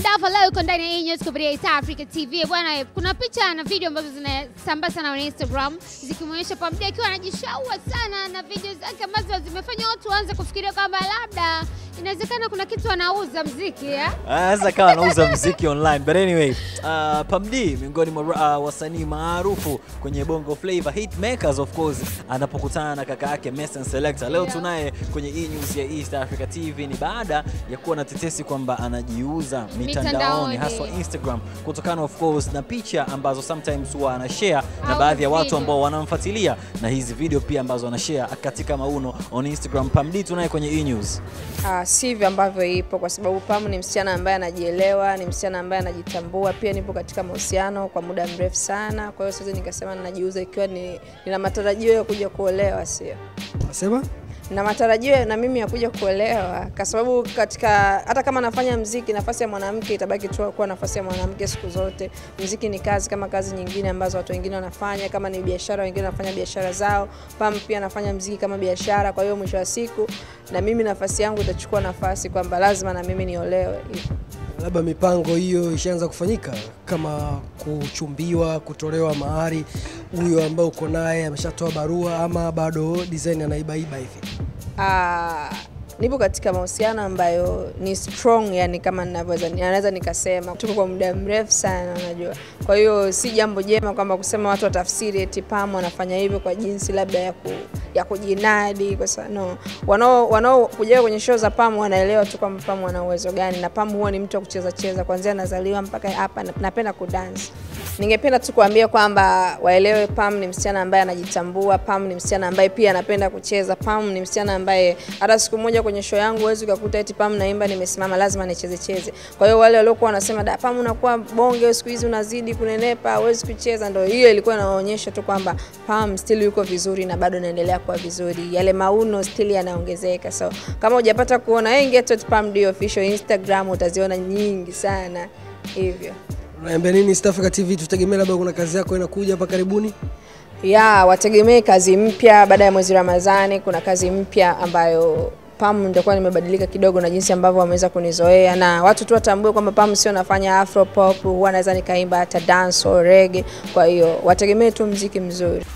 Hapa leo yuko ndani ya hii nyota kupitia East Africa TV. Bwana, kuna picha na video ambazo zinasambaa sana kwenye Instagram zikimuonyesha Pamjay akiwa anajishaua sana na video zake ambazo zimefanya watu waanze kufikiria kwamba labda Inawezekana kuna kitu anauza mziki ya? Eh? Anaweza kawa anauza mziki online. But anyway, uh, Pamdi miongoni mwa uh, wasanii maarufu kwenye Bongo Flava makers of course anapokutana na kaka yake Mason Selector. Leo yeah. tunaye kwenye E News ya East Africa TV ni baada ya kuwa na tetesi kwamba anajiuza mitandaoni haswa Instagram kutokana of course na picha ambazo sometimes huwa ana share na baadhi ya watu ambao wanamfuatilia na hizi video pia ambazo ana share katika mauno on Instagram. Pamdi tunaye kwenye E News. Uh, sivyo ambavyo ipo, kwa sababu Pamu ni msichana ambaye anajielewa, ni msichana ambaye anajitambua. Pia nipo katika mahusiano kwa muda mrefu sana, kwa hiyo siwezi nikasema ninajiuza ikiwa ni, nina matarajio ya kuja kuolewa, sio nasema na matarajio na mimi ya kuja kuelewa, kwa sababu katika hata kama nafanya mziki, nafasi ya mwanamke itabaki tu kuwa nafasi ya mwanamke siku zote. Mziki ni kazi kama kazi nyingine ambazo watu wengine wanafanya, kama ni biashara, wengine wanafanya biashara zao. Pam pia anafanya mziki kama biashara, kwa hiyo mwisho wa siku na mimi nafasi yangu itachukua nafasi kwamba lazima na mimi niolewe hivyo labda mipango hiyo ishaanza kufanyika kama kuchumbiwa, kutolewa mahari, huyo ambao uko naye ameshatoa barua ama bado design anaibaiba hivi? Uh, nipo katika mahusiano ambayo ni strong, yani kama ninavyoweza, naweza nikasema tuko kwa muda mrefu sana, unajua. Kwa hiyo si jambo jema kwamba kusema watu watafsiri eti Pam wanafanya hivyo kwa jinsi labda ya, ku, ya kujinadi kwa sababu no, wanao wanaokuja kwenye show za Pam wanaelewa tu kwamba Pamu ana uwezo gani, na Pam huwa ni mtu wa kucheza cheza, kuanzia anazaliwa mpaka hapa, napenda na kudance. Ningependa tu kuambia kwamba waelewe Pam ni msichana ambaye anajitambua, Pam ni msichana ambaye pia anapenda kucheza, Pam ni msichana ambaye hata siku moja kwenye show yangu huwezi ukakuta eti Pam naimba nimesimama, lazima nicheze cheze. Kwa hiyo wale waliokuwa wanasema da, Pam unakuwa bonge siku hizi unazidi kunenepa, huwezi kucheza, ndio hiyo ilikuwa inaonyesha tu kwamba Pam still yuko vizuri na bado anaendelea kuwa vizuri, yale mauno still yanaongezeka. So kama hujapata kuona, hey, get Pam official Instagram, utaziona nyingi sana hivyo. Unaambia nini East Africa TV, tutegemee labda kuna kazi yako inakuja hapa karibuni? Ya, wategemee kazi mpya baada ya mwezi Ramadhani. Kuna kazi mpya ambayo Pam nitakuwa nimebadilika kidogo na jinsi ambavyo wameweza kunizoea, na watu tu watambue kwamba Pam sio nafanya afro pop, huwa naweza nikaimba hata dance au reggae. Kwa hiyo wategemee tu mziki mzuri.